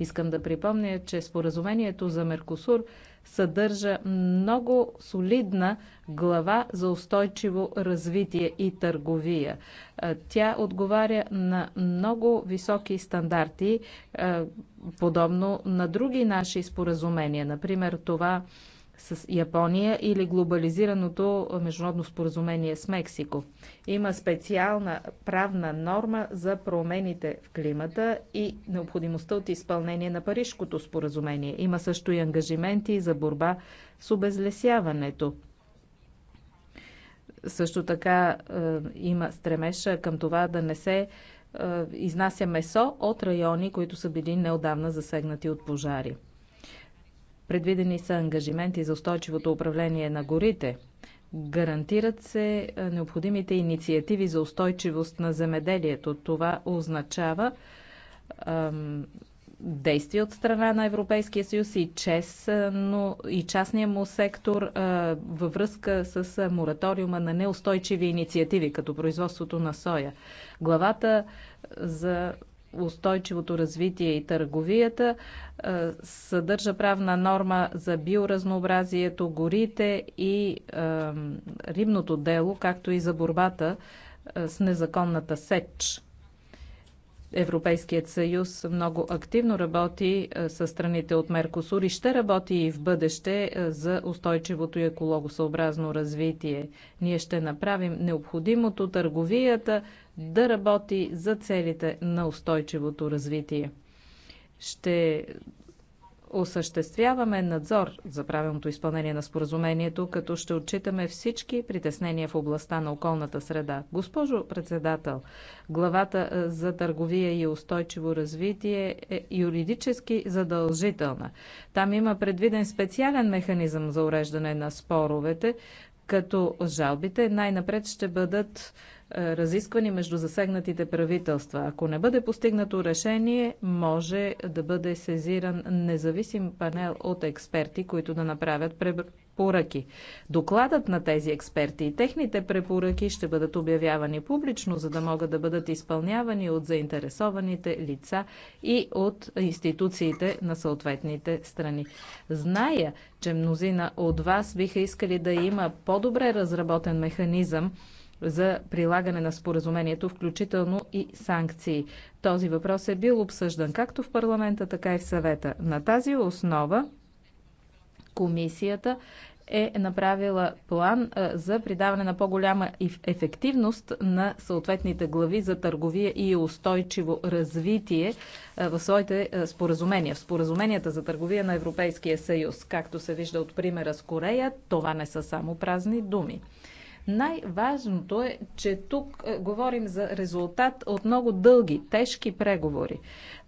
Искам да припомня, че споразумението за Меркосур съдържа много солидна глава за устойчиво развитие и търговия. Тя отговаря на много високи стандарти, подобно на други наши споразумения, например това с Япония или глобализираното международно споразумение с Мексико. Има специална правна норма за промените в климата и необходимостта от изпълнение на Парижкото споразумение. Има също и ангажименти за борба с обезлесяването. Също така е, има стремеж към това да не се е, изнася месо от райони, които са били неодавна засегнати от пожари. Предвидени са ангажименти за устойчивото управление на горите. Гарантират се необходимите инициативи за устойчивост на земеделието. Това означава ам, действия от страна на Европейския съюз и, ЧЕС, но и частния му сектор а, във връзка с мораториума на неустойчиви инициативи, като производството на соя. Главата за устойчивото развитие и търговията, е, съдържа правна норма за биоразнообразието, горите и е, рибното дело, както и за борбата е, с незаконната сеч. Европейският съюз много активно работи с страните от Меркосур и ще работи и в бъдеще за устойчивото и екологосъобразно развитие. Ние ще направим необходимото търговията да работи за целите на устойчивото развитие. Ще осъществяваме надзор за правилното изпълнение на споразумението, като ще отчитаме всички притеснения в областта на околната среда. Госпожо председател, главата е, за търговия и устойчиво развитие е юридически задължителна. Там има предвиден специален механизъм за уреждане на споровете, като жалбите най-напред ще бъдат е, разисквани между засегнатите правителства. Ако не бъде постигнато решение, може да бъде сезиран независим панел от експерти, които да направят препоръки. Докладът на тези експерти и техните препоръки ще бъдат обявявани публично, за да могат да бъдат изпълнявани от заинтересованите лица и от институциите на съответните страни. Зная, че мнозина от вас биха искали да има по-добре разработен механизъм, за прилагане на споразумението, включително и санкции. Този въпрос е бил обсъждан както в парламента, така и в съвета. На тази основа комисията е направила план за придаване на по-голяма ефективност на съответните глави за търговия и устойчиво развитие в своите споразумения. В споразуменията за търговия на Европейския съюз, както се вижда от примера с Корея, това не са само празни думи. Най-важното е, че тук е, говорим за резултат от много дълги, тежки преговори.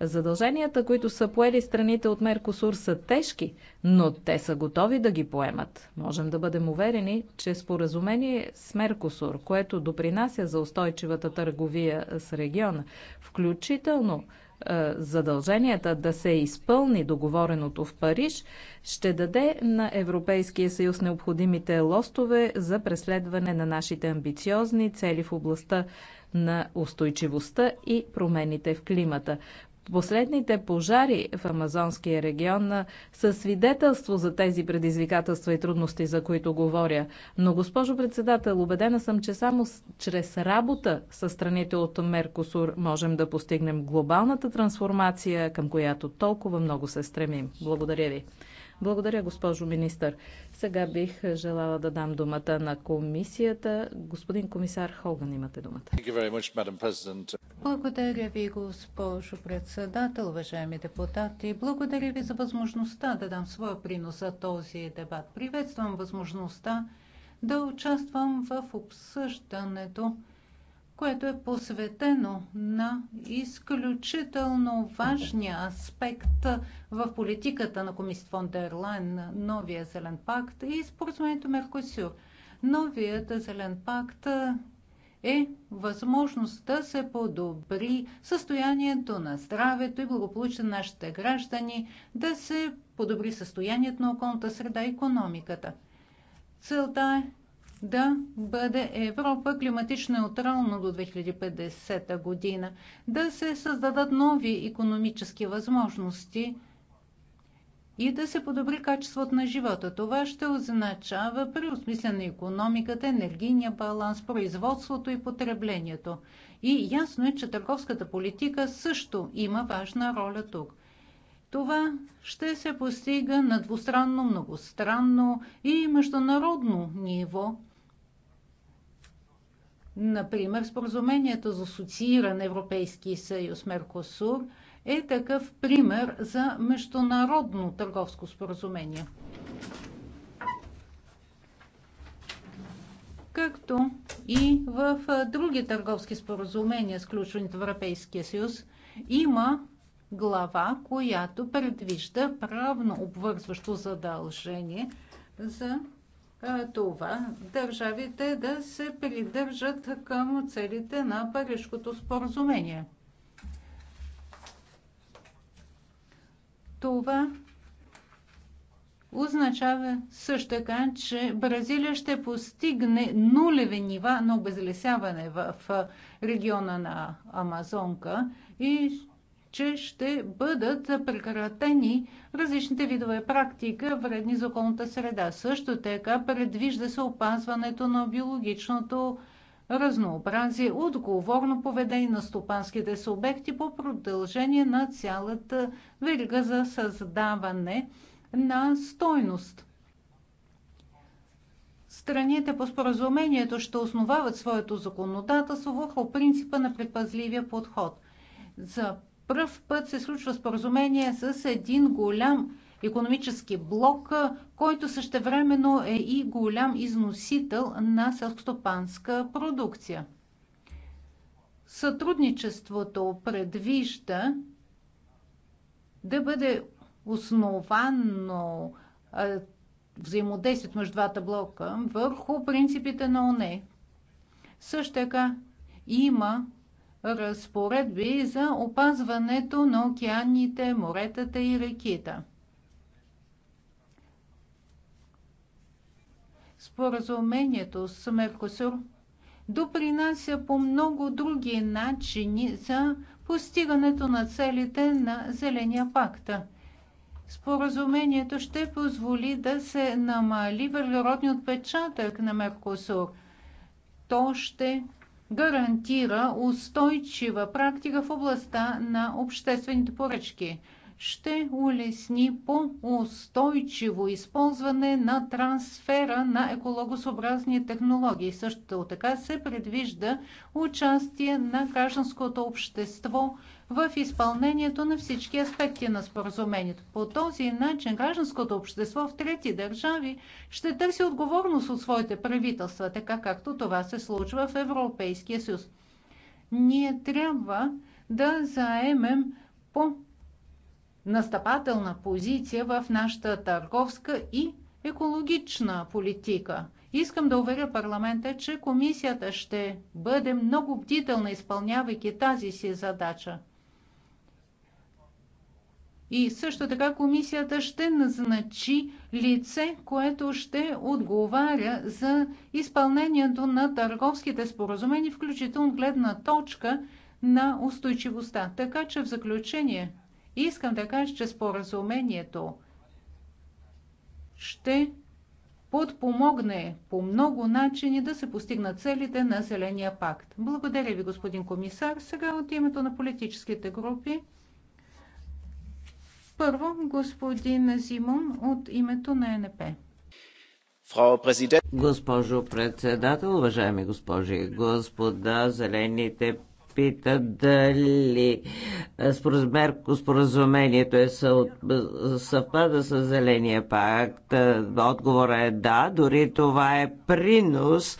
Задълженията, които са поели страните от Меркосур са тежки, но те са готови да ги поемат. Можем да бъдем уверени, че споразумение с Меркосур, което допринася за устойчивата търговия с региона, включително е, задълженията да се изпълни договореното в Париж, ще даде на Европейския съюз необходимите лостове за преследване на нашите амбициозни цели в областта на устойчивостта и промените в климата. Последните пожари в Амазонския регион са свидетелство за тези предизвикателства и трудности, за които говоря. Но, госпожо председател, убедена съм, че само чрез работа с страните от Меркосур можем да постигнем глобалната трансформация, към която толкова много се стремим. Благодаря ви. Благодаря, госпожо министър. Сега бих желала да дам думата на комисията. Господин комисар Хоган, имате думата. Благодаря ви, госпожо председател, уважаеми депутати. Благодаря ви за възможността да дам своя принос за този дебат. Приветствам възможността да участвам в обсъждането което е посветено на изключително важния аспект в политиката на комисията фон дер Лайн, новия зелен пакт и споразумението Меркосюр. Новият зелен пакт е възможност да се подобри състоянието на здравето и благополучие на нашите граждани, да се подобри състоянието на околната среда и економиката. Целта е да бъде Европа климатично неутрална до 2050 година, да се създадат нови економически възможности и да се подобри качеството на живота. Това ще означава преосмислене на економиката, енергийния баланс, производството и потреблението. И ясно е, че търговската политика също има важна роля тук. Това ще се постига на двустранно, многостранно и международно ниво Например, споразумението за асоцииран Европейски съюз Меркосур е такъв пример за международно търговско споразумение. Както и в други търговски споразумения, сключвани в Европейския съюз, има глава, която предвижда правно обвързващо задължение за това държавите да се придържат към целите на Парижското споразумение. Това означава също така, че Бразилия ще постигне нулеви нива на обезлесяване в региона на Амазонка и че ще бъдат прекратени различните видове практика, вредни за околната среда. Също така предвижда се опазването на биологичното разнообразие, отговорно поведение на стопанските субекти по продължение на цялата верига за създаване на стойност. Страните по споразумението ще основават своето законодателство върху принципа на предпазливия подход. За пръв път се случва споразумение с един голям економически блок, който същевременно е и голям износител на селскостопанска продукция. Сътрудничеството предвижда да бъде основано взаимодействието между двата блока върху принципите на ОНЕ. Също така има разпоредби за опазването на океаните, моретата и реките. Споразумението с Меркосур допринася по много други начини за постигането на целите на Зеления пакт. Споразумението ще позволи да се намали въглеродния отпечатък на Меркосур. То ще гарантира устойчива практика в областта на обществените поръчки. Ще улесни по-устойчиво използване на трансфера на екологосъобразни технологии. Също така се предвижда участие на гражданското общество в изпълнението на всички аспекти на споразумението. По този начин гражданското общество в трети държави ще търси отговорност от своите правителства, така както това се случва в Европейския съюз. Ние трябва да заемем по настъпателна позиция в нашата търговска и екологична политика. Искам да уверя парламента, че комисията ще бъде много бдителна, изпълнявайки тази си задача. И също така комисията ще назначи лице, което ще отговаря за изпълнението на търговските споразумения, включително гледна точка на устойчивостта. Така че в заключение искам да кажа, че споразумението ще подпомогне по много начини да се постигнат целите на Зеления пакт. Благодаря ви, господин комисар. Сега от името на политическите групи първо, господин Зимон от името на НП. Госпожо председател, уважаеми госпожи и господа, зелените попита дали споразумението е съвпада с Зеления пакт. Отговора е да, дори това е принос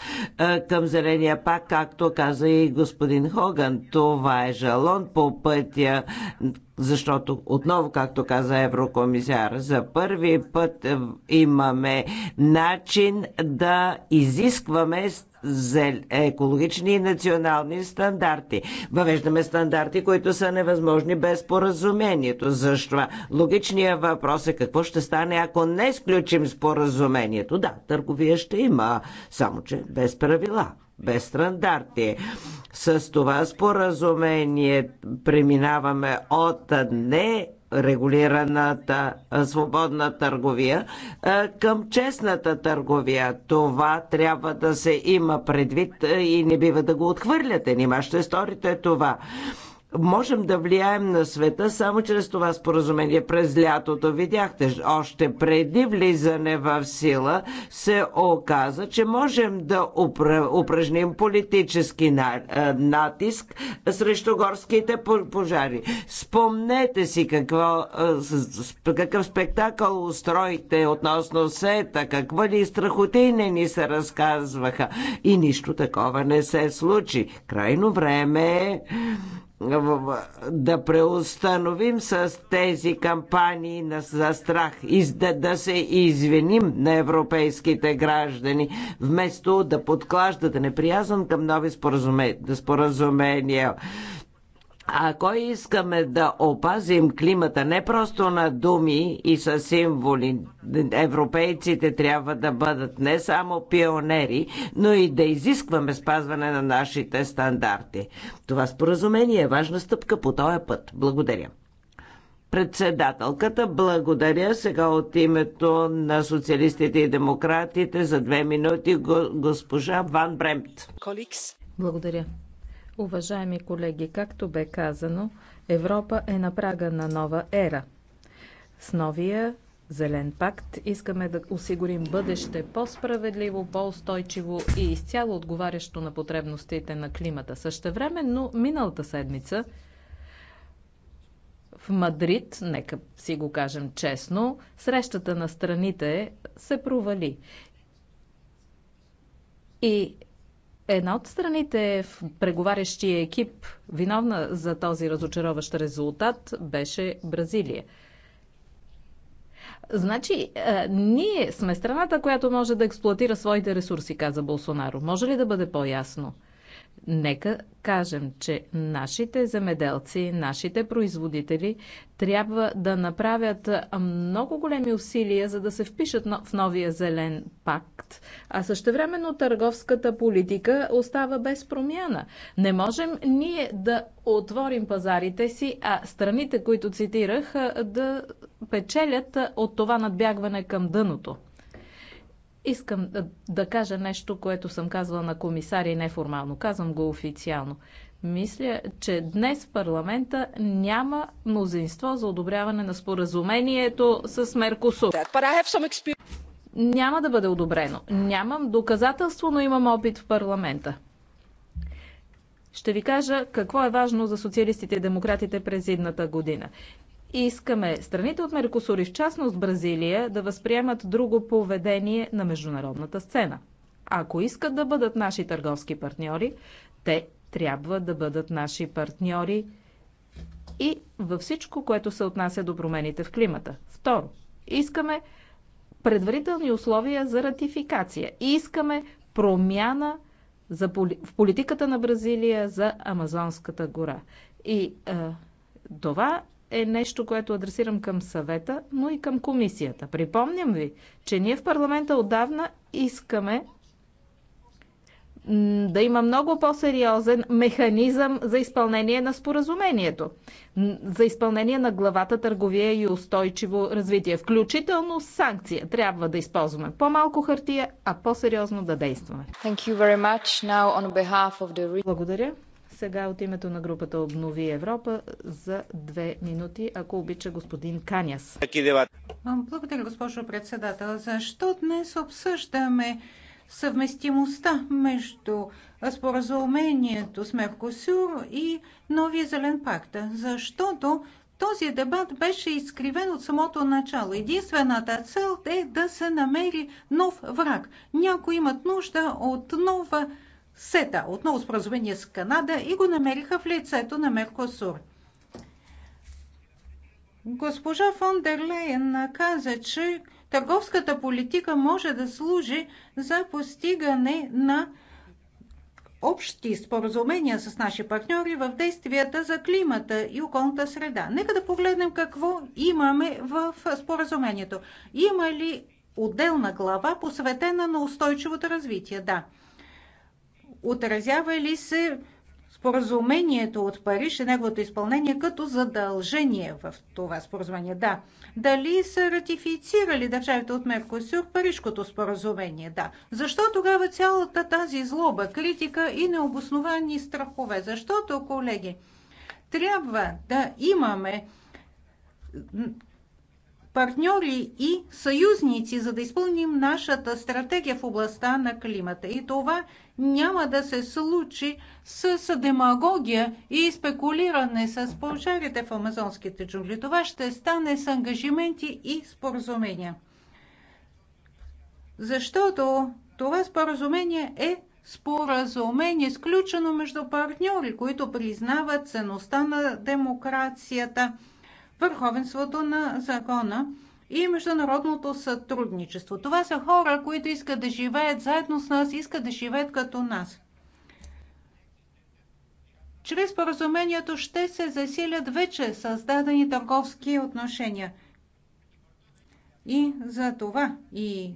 към Зеления пакт, както каза и господин Хоган. Това е жалон по пътя защото отново, както каза еврокомисар, за първи път имаме начин да изискваме екологични и национални стандарти. Въвеждаме стандарти, които са невъзможни без поразумението. Защо? Логичният въпрос е какво ще стане, ако не изключим споразумението. Да, търговия ще има, само че без правила, без стандарти. С това споразумение преминаваме от не регулираната свободна търговия към честната търговия. Това трябва да се има предвид и не бива да го отхвърляте. Нима ще сторите това можем да влияем на света само чрез това споразумение. През лятото видяхте, още преди влизане в сила се оказа, че можем да упражним политически е, натиск срещу горските пожари. Спомнете си какво, е, какъв спектакъл устроихте относно сета, какво ли страхотине ни се разказваха и нищо такова не се случи. Крайно време е да преустановим с тези кампании на, за страх и да, да се извиним на европейските граждани, вместо да подклаждате неприязан към нови споразумения. Ако искаме да опазим климата не просто на думи и с символи, европейците трябва да бъдат не само пионери, но и да изискваме спазване на нашите стандарти. Това споразумение е важна стъпка по този път. Благодаря председателката. Благодаря сега от името на социалистите и демократите за две минути госпожа Ван Бремт. Благодаря. Уважаеми колеги, както бе казано, Европа е на прага на нова ера. С новия Зелен пакт искаме да осигурим бъдеще по-справедливо, по-устойчиво и изцяло отговарящо на потребностите на климата. Същевременно, миналата седмица в Мадрид, нека си го кажем честно, срещата на страните се провали. И Една от страните в преговарящия екип, виновна за този разочароващ резултат, беше Бразилия. Значи, а, е, ние сме страната, която може да експлуатира своите ресурси, каза Болсонаро. Може ли да бъде по-ясно? Нека кажем, че нашите земеделци, нашите производители трябва да направят много големи усилия, за да се впишат в новия зелен пакт, а същевременно търговската политика остава без промяна. Не можем ние да отворим пазарите си, а страните, които цитирах, да печелят от това надбягване към дъното. Искам да, да кажа нещо, което съм казвала на комисари неформално. Казвам го официално. Мисля, че днес в парламента няма мнозинство за одобряване на споразумението с Меркосур. Няма да бъде одобрено. Нямам доказателство, но имам опит в парламента. Ще ви кажа какво е важно за социалистите и демократите през едната година. Искаме страните от Меркосур и в частност Бразилия да възприемат друго поведение на международната сцена. Ако искат да бъдат наши търговски партньори, те трябва да бъдат наши партньори и във всичко, което се отнася до промените в климата. Второ, искаме предварителни условия за ратификация и искаме промяна за поли... в политиката на Бразилия за Амазонската гора. И а, това е нещо, което адресирам към съвета, но и към комисията. Припомням ви, че ние в парламента отдавна искаме да има много по-сериозен механизъм за изпълнение на споразумението, за изпълнение на главата търговия и устойчиво развитие, включително санкция. Трябва да използваме по-малко хартия, а по-сериозно да действаме. Благодаря. Сега от името на групата Обнови Европа за две минути, ако обича господин Каняс. Благодаря, госпожо председател. Защо днес обсъждаме съвместимостта между споразумението с Меркосюр и Новия зелен пакт? Защото този дебат беше изкривен от самото начало. Единствената цел е да се намери нов враг. Някои имат нужда от нова СЕТА, отново споразумение с Канада и го намериха в лицето на Меркосур. Госпожа фон дер Лейен каза, че търговската политика може да служи за постигане на общи споразумения с наши партньори в действията за климата и околната среда. Нека да погледнем какво имаме в споразумението. Има ли отделна глава, посветена на устойчивото развитие? Да отразява ли се споразумението от Париж и неговото изпълнение като задължение в това споразумение? Да. Дали са ратифицирали държавите от Меркосюр Парижкото споразумение? Да. Защо тогава цялата тази злоба, критика и необосновани страхове? Защото, колеги, трябва да имаме партньори и съюзници, за да изпълним нашата стратегия в областта на климата. И това няма да се случи с демагогия и спекулиране с пожарите в амазонските джунгли. Това ще стане с ангажименти и споразумения. Защото това споразумение е споразумение, изключено между партньори, които признават ценността на демокрацията – върховенството на закона и международното сътрудничество. Това са хора, които искат да живеят заедно с нас, искат да живеят като нас. Чрез поразумението ще се засилят вече създадени търговски отношения. И за това, и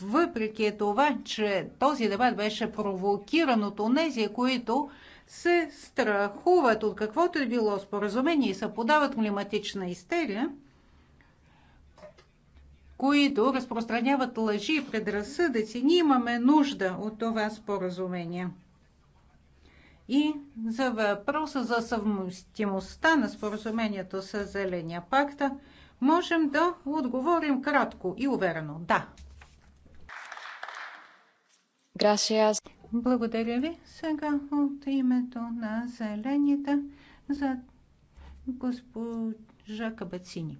въпреки това, че този дебат беше провокиран от онези, които се страхуват от каквото е било споразумение и се подават климатична истерия, които разпространяват лъжи и предразсъдъци, ние имаме нужда от това споразумение. И за въпроса за съвместимостта на споразумението с Зеления пакт, можем да отговорим кратко и уверено. Да. Gracias. Благодаря ви. Сега от името на зелените за госпожа Кабацини.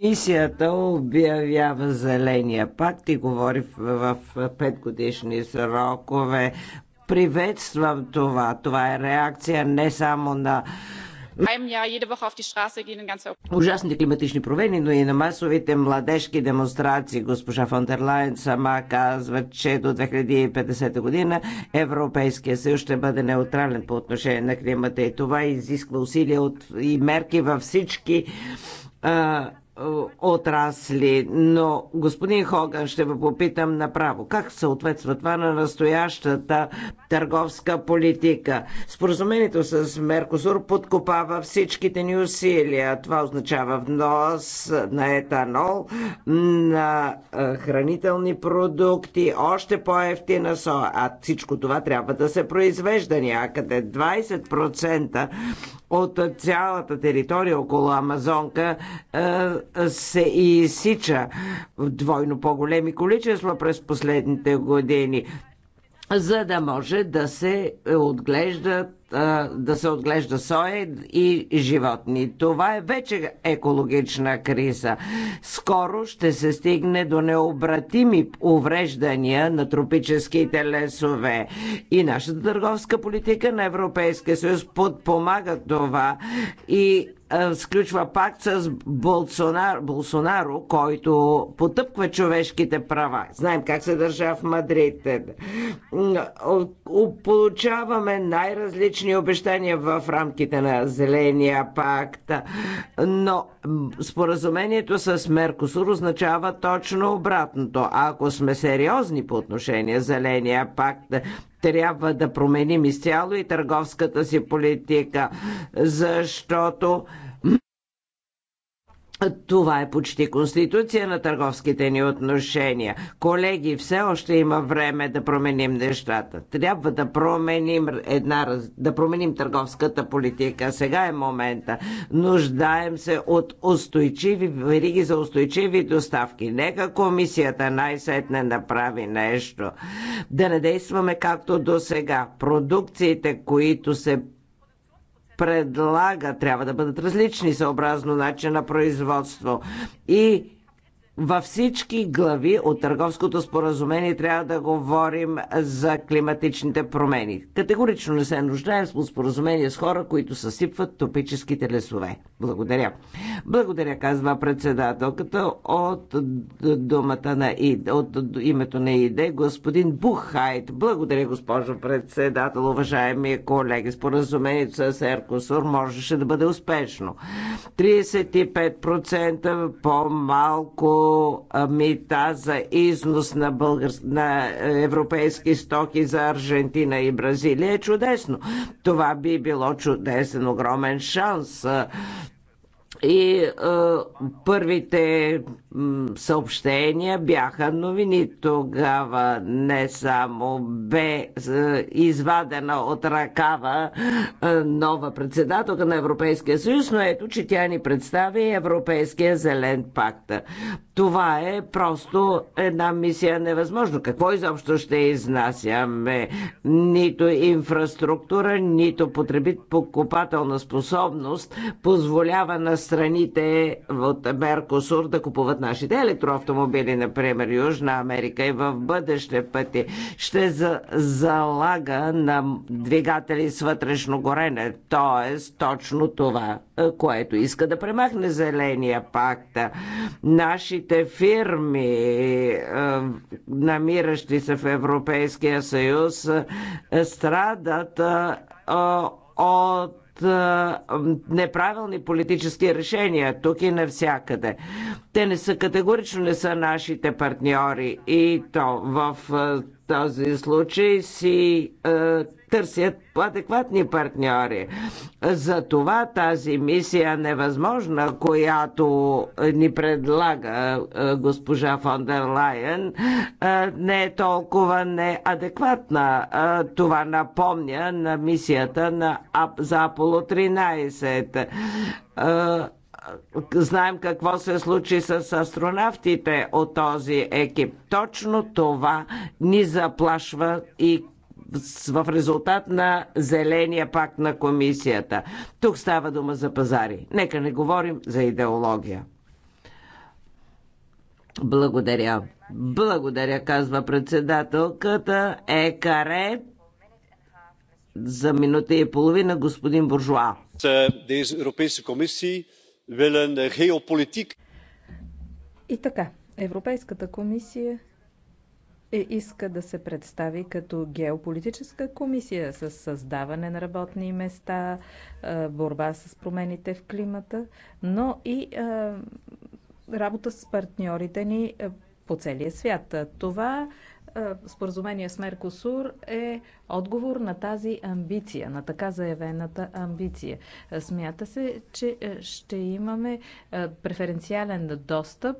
Комисията обявява зеления пакт и говори в, в петгодишни срокове. Приветствам това. Това е реакция не само на Ужасните климатични промени, но и на масовите младежки демонстрации. Госпожа Фон Лайн сама казва, че до 2050 година Европейския съюз ще бъде неутрален по отношение на климата и това изисква усилия от, и мерки във всички а, е, отрасли, но господин Хоган ще ви попитам направо. Как съответства това на настоящата търговска политика? Споразумението с Меркосур подкопава всичките ни усилия. Това означава внос на етанол, на е, хранителни продукти, още по-ефтина соя. А всичко това трябва да се произвежда някъде. 20% от цялата територия около Амазонка е, се изсича в двойно по-големи количества през последните години за да може да се отглежда да се отглежда соя и животни. Това е вече екологична криза. Скоро ще се стигне до необратими увреждания на тропическите лесове. И нашата търговска политика на Европейския съюз подпомага това и сключва пакт с Болсонар, Болсонаро, който потъпква човешките права. Знаем как се държа в Мадрид. Получаваме най-различни обещания в рамките на Зеления пакт, но споразумението с Меркосур означава точно обратното. Ако сме сериозни по отношение Зеления пакт, трябва да променим изцяло и търговската си политика, защото това е почти конституция на търговските ни отношения. Колеги, все още има време да променим нещата. Трябва да променим, една, да променим търговската политика. Сега е момента. Нуждаем се от устойчиви вериги за устойчиви доставки. Нека комисията най-сетне направи нещо. Да не действаме както до сега. Продукциите, които се предлага, трябва да бъдат различни съобразно начин на производство. И във всички глави от търговското споразумение трябва да говорим за климатичните промени. Категорично не се нуждаем с споразумение с хора, които съсипват топическите лесове. Благодаря. Благодаря, казва председателката от думата на и, от името на ИД, господин Бухайт. Благодаря, госпожо председател, уважаеми колеги. Споразумението с Еркосур можеше да бъде успешно. 35% по-малко мита за износ на, българ... на европейски стоки за Аржентина и Бразилия е чудесно. Това би било чудесен, огромен шанс. И е, първите съобщения бяха новини. Тогава не само бе е, извадена от ръкава е, нова председателка на Европейския съюз, но ето, че тя ни представи Европейския зелен пакт. Това е просто една мисия невъзможно. Какво изобщо ще изнасяме? Нито инфраструктура, нито потребит покупателна способност позволява на страните от Меркосур да купуват от нашите електроавтомобили, например Южна Америка и в бъдеще пъти, ще за, залага на двигатели с вътрешно горене, т.е. точно това, е, което иска да премахне Зеления пакт. Нашите фирми, е, намиращи се в Европейския съюз, е, страдат от неправилни политически решения тук и навсякъде. Те не са категорично не са нашите партньори и то в този случай си търсят адекватни партньори. За това тази мисия невъзможна, която ни предлага госпожа фон дер Лайен, не е толкова неадекватна. Това напомня на мисията на, за Аполо 13 знаем какво се случи с астронавтите от този екип. Точно това ни заплашва и в резултат на зеления пакт на комисията. Тук става дума за пазари. Нека не говорим за идеология. Благодаря. Благодаря, казва председателката. Екаре за минута и половина господин Буржуа. комисии willen И така, Европейската комисия е, иска да се представи като геополитическа комисия с създаване на работни места, е, борба с промените в климата, но и е, работа с партньорите ни по целия свят. Това е, споразумение с Меркосур е отговор на тази амбиция, на така заявената амбиция. Смята се, че е, ще имаме е, преференциален достъп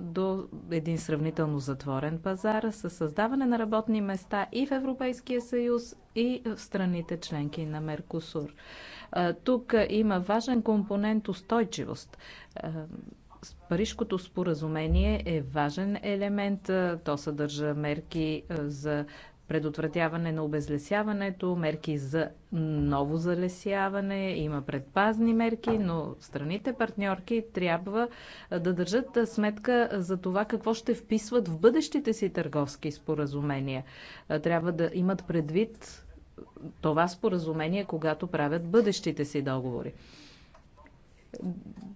до един сравнително затворен пазар с създаване на работни места и в Европейския съюз, и в страните членки на Меркосур. Тук има важен компонент устойчивост Парижкото споразумение е важен елемент. То съдържа мерки за предотвратяване на обезлесяването, мерки за ново залесяване, има предпазни мерки, но страните партньорки трябва да държат сметка за това какво ще вписват в бъдещите си търговски споразумения. Трябва да имат предвид това споразумение, когато правят бъдещите си договори.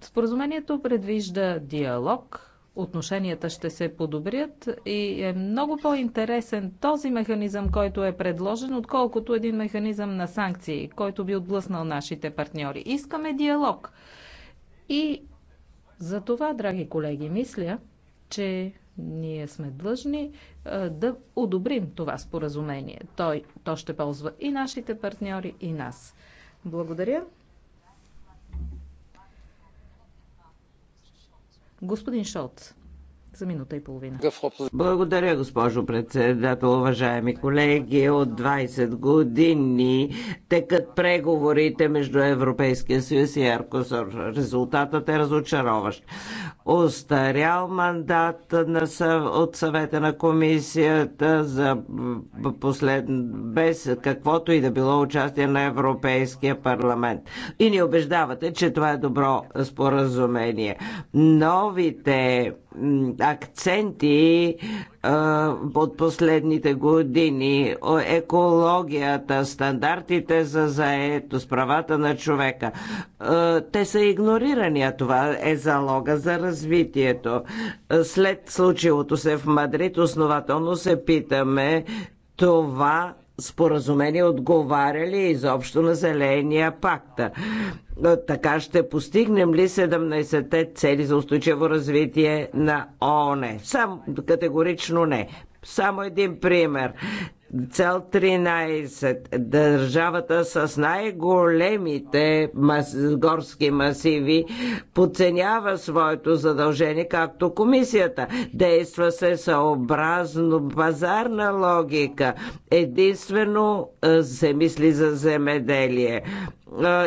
Споразумението предвижда диалог, отношенията ще се подобрят и е много по-интересен този механизъм, който е предложен, отколкото един механизъм на санкции, който би отблъснал нашите партньори. Искаме диалог. И за това, драги колеги, мисля, че ние сме длъжни е, да одобрим това споразумение. Той, то ще ползва и нашите партньори, и нас. Благодаря. Господин Шолц за минута и половина. Благодаря, госпожо председател, уважаеми колеги. От 20 години текат преговорите между Европейския съюз и Еркосор. Резултатът е разочароващ. Остарял мандат на съв... от съвета на комисията за послед... без каквото и да било участие на Европейския парламент. И ни убеждавате, че това е добро споразумение. Новите акценти от последните години. Екологията, стандартите за заетост, правата на човека. Те са игнорирани, а това е залога за развитието. След случилото се в Мадрид, основателно се питаме това споразумение отговаря ли изобщо на Зеления пакт. Така ще постигнем ли 17-те цели за устойчиво развитие на ООН? Сам категорично не. Само един пример. Цел 13. Държавата с най-големите мас... горски масиви подценява своето задължение, както комисията. Действа се съобразно пазарна логика. Единствено се мисли за земеделие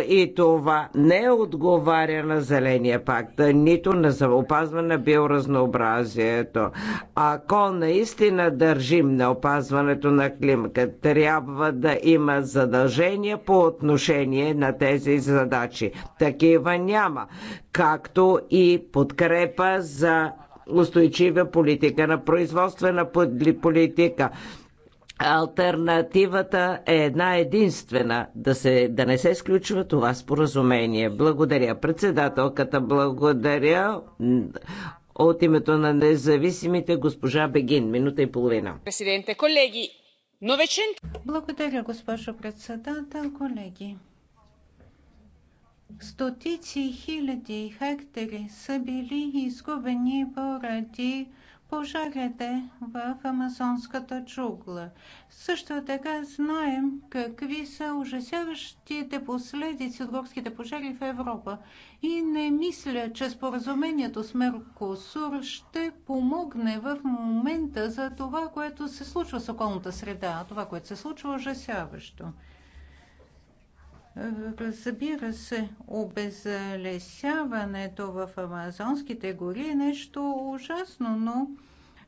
и това не отговаря на Зеления пакт, нито на опазване на биоразнообразието. Ако наистина държим на опазването на климата, трябва да има задължения по отношение на тези задачи. Такива няма, както и подкрепа за устойчива политика на производствена политика Альтернативата е една единствена да, се, да не се сключва това споразумение. Благодаря. Председателката, благодаря. От името на независимите госпожа Бегин, минута и половина. Президенте, колеги, 900... Благодаря, госпожо председател, колеги. Стотици хиляди хектари са били изгубени поради пожарите в амазонската джугла. Също така знаем какви са ужасяващите последици от горските пожари в Европа. И не мисля, че споразумението с Меркосур ще помогне в момента за това, което се случва с околната среда, това, което се случва е ужасяващо. Разбира се, обезлесяването в амазонските гори е нещо ужасно, но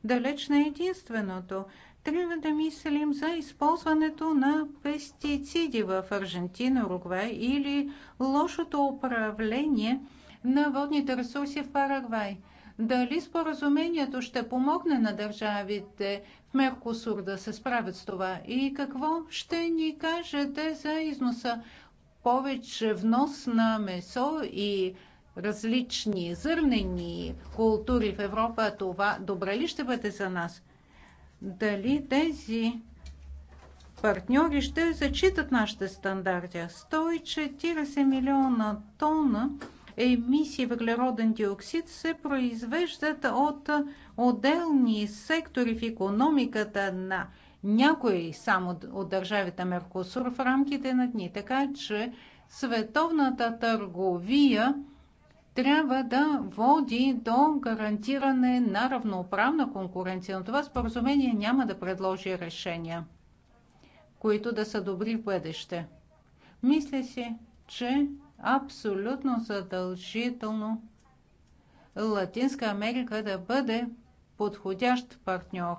далеч не е единственото. Трябва да мислим за използването на пестициди в Аржентина, Уругвай или лошото управление на водните ресурси в Парагвай. Дали споразумението ще помогне на държавите в Меркосур да се справят с това? И какво ще ни кажете за износа? повече внос на месо и различни зърнени култури в Европа, това добре ли ще бъде за нас? Дали тези партньори ще зачитат нашите стандарти? 140 милиона тона емисии въглероден диоксид се произвеждат от отделни сектори в економиката на някои само от държавите Меркосур в рамките на дни. Така че световната търговия трябва да води до гарантиране на равноправна конкуренция. Но това споразумение няма да предложи решения, които да са добри в бъдеще. Мисля си, че абсолютно задължително Латинска Америка да бъде подходящ партньор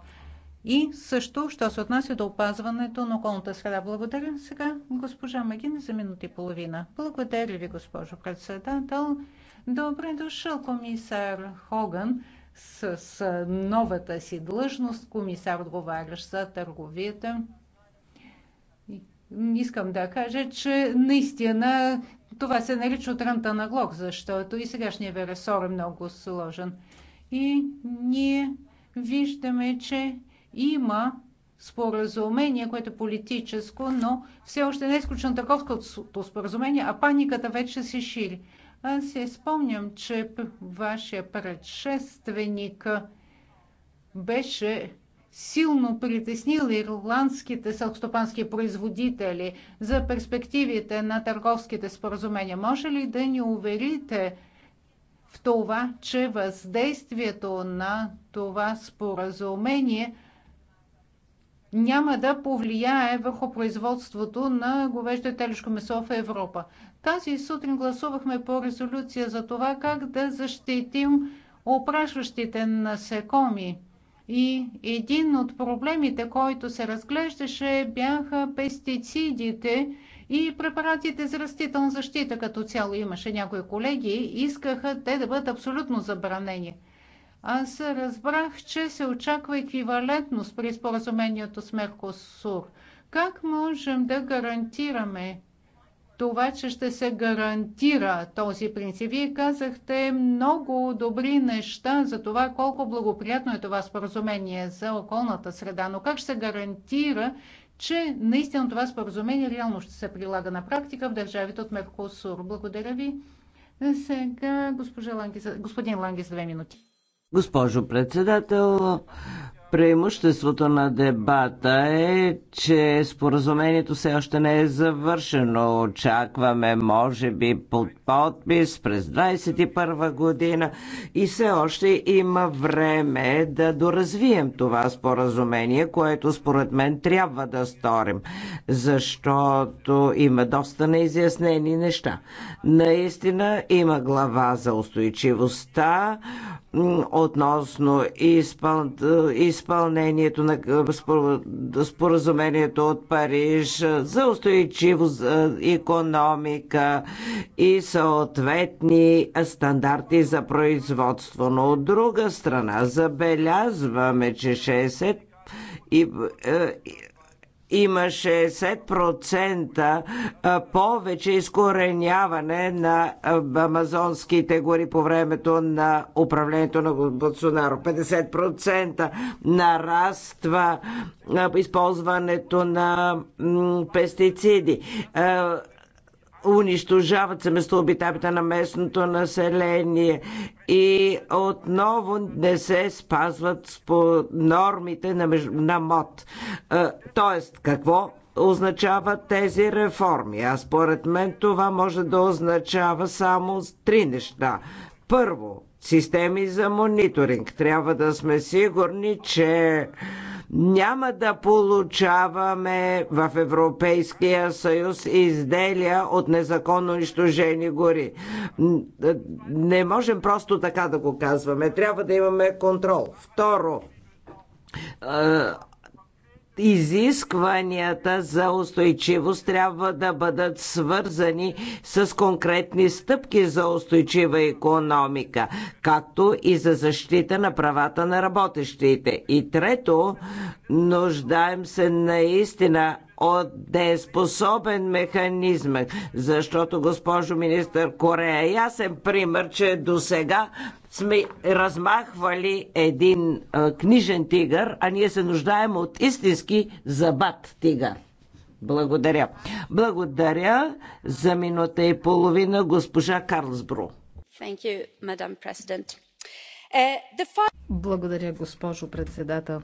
и също, що се отнася до опазването на околната среда. Благодаря сега госпожа Магина за минути и половина. Благодаря ви, госпожо председател. Добре дошъл, комисар Хоган, с, с новата си длъжност, комисар отговарящ за търговията. Искам да кажа, че наистина това се нарича от рънта на глок, защото и сегашният ви ресор е много сложен. И ние виждаме, че има споразумение, което е политическо, но все още не е изключено търговското споразумение, а паниката вече се шири. Аз се спомням, че вашия предшественик беше силно притеснил ирландските селскостопански производители за перспективите на търговските споразумения. Може ли да ни уверите в това, че въздействието на това споразумение няма да повлияе върху производството на говеждо и телешко месо в Европа. Тази сутрин гласувахме по резолюция за това как да защитим опрашващите насекоми. И един от проблемите, който се разглеждаше, бяха пестицидите и препаратите за растителна защита като цяло. Имаше някои колеги, искаха те да бъдат абсолютно забранени. Аз разбрах, че се очаква еквивалентност при споразумението с Меркосур. Как можем да гарантираме това, че ще се гарантира този принцип. Вие казахте много добри неща за това колко благоприятно е това споразумение за околната среда, но как ще се гарантира, че наистина това споразумение реално ще се прилага на практика в държавите от Меркосур. Благодаря ви. Сега госпожа Лангис, господин Лангис, две минути. Госпожо председател, преимуществото на дебата е, че споразумението все още не е завършено. Очакваме, може би, под подпис през 2021 година и все още има време да доразвием това споразумение, което според мен трябва да сторим, защото има доста неизяснени неща. Наистина има глава за устойчивостта, относно изпъл... изпълнението на споразумението от Париж за устойчивост економика и съответни стандарти за производство. Но от друга страна забелязваме, че 60 и, има 60% повече изкореняване на амазонските гори по времето на управлението на Боцонаро. 50% нараства използването на пестициди унищожават се местообитавите на местното население и отново не се спазват по нормите на, на МОД. Е, тоест, какво означават тези реформи? А според мен това може да означава само три неща. Първо, системи за мониторинг. Трябва да сме сигурни, че няма да получаваме в Европейския съюз изделия от незаконно унищожени гори. Е, не можем просто така да го казваме. Трябва да имаме контрол. Второ, е, изискванията за устойчивост трябва да бъдат свързани с конкретни стъпки за устойчива економика, както и за защита на правата на работещите. И трето, Нуждаем се наистина от дееспособен механизъм, защото, госпожо министър, Корея ясен пример, че до сега сме размахвали един а, книжен тигър, а ние се нуждаем от истински забат тигър. Благодаря. Благодаря за минута и половина госпожа Карлсбро. Thank you, Madam President. Е, Благодаря, госпожо председател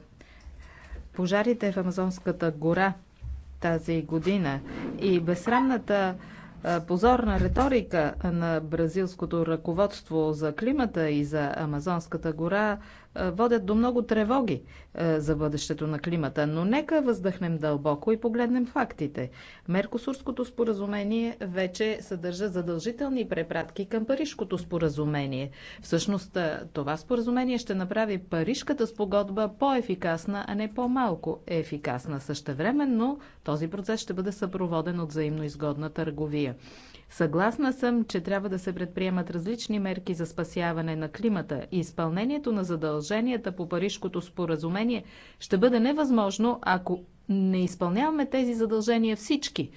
пожарите в Амазонската гора тази година и безсрамната позорна риторика на бразилското ръководство за климата и за Амазонската гора е, водят до много тревоги е, за бъдещето на климата. Но нека въздъхнем дълбоко и погледнем фактите. Меркосурското споразумение вече съдържа задължителни препратки към Парижкото споразумение. Всъщност е, това споразумение ще направи Парижката спогодба по-ефикасна, а не по-малко ефикасна. Същевременно този процес ще бъде съпроводен от взаимноизгодна търговия. Съгласна съм, че трябва да се предприемат различни мерки за спасяване на климата и изпълнението на задълженията по Парижкото споразумение ще бъде невъзможно, ако не изпълняваме тези задължения всички.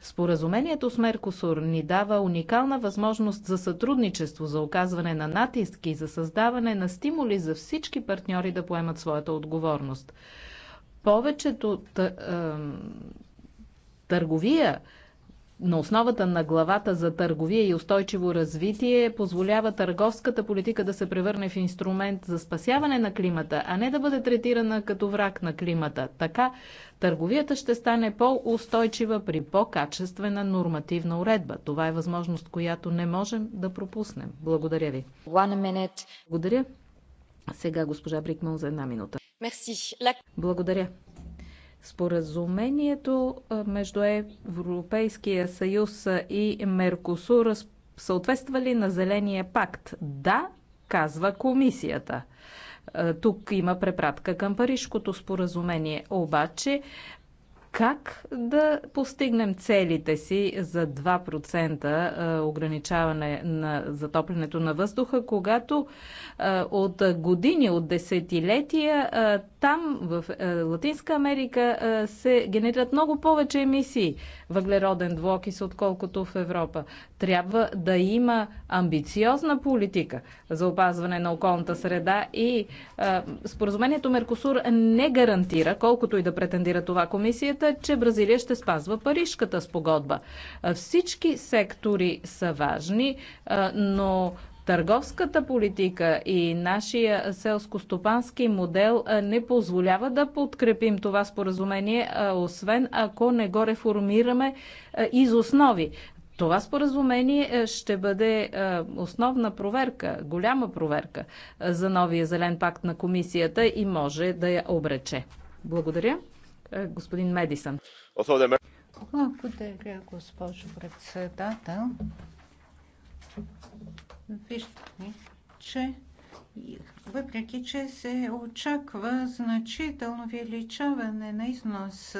Споразумението с Меркосур ни дава уникална възможност за сътрудничество, за оказване на натиски и за създаване на стимули за всички партньори да поемат своята отговорност. Повечето търговия на основата на главата за търговия и устойчиво развитие позволява търговската политика да се превърне в инструмент за спасяване на климата, а не да бъде третирана като враг на климата. Така търговията ще стане по-устойчива при по-качествена нормативна уредба. Това е възможност, която не можем да пропуснем. Благодаря ви. Благодаря. Сега госпожа Брикман за една минута. Merci. Благодаря. Споразумението между Европейския съюз и Меркосур съответства ли на Зеления пакт? Да, казва комисията. Тук има препратка към Парижкото споразумение. Обаче как да постигнем целите си за 2% ограничаване на затоплянето на въздуха, когато от години, от десетилетия там в е, Латинска Америка се генерират много повече емисии въглероден двуокис, отколкото в Европа. Трябва да има амбициозна политика за опазване на околната среда и споразумението Меркосур не гарантира, колкото и да претендира това комисията, идеята, че Бразилия ще спазва Парижката спогодба. Всички сектори са важни, но Търговската политика и нашия селско-стопански модел не позволява да подкрепим това споразумение, освен ако не го реформираме из основи. Това споразумение ще бъде основна проверка, голяма проверка за новия зелен пакт на комисията и може да я обрече. Благодаря. Е, господин Медисън. Благодаря, госпожо председател. Виждаме, че въпреки, че се очаква значително увеличаване на износ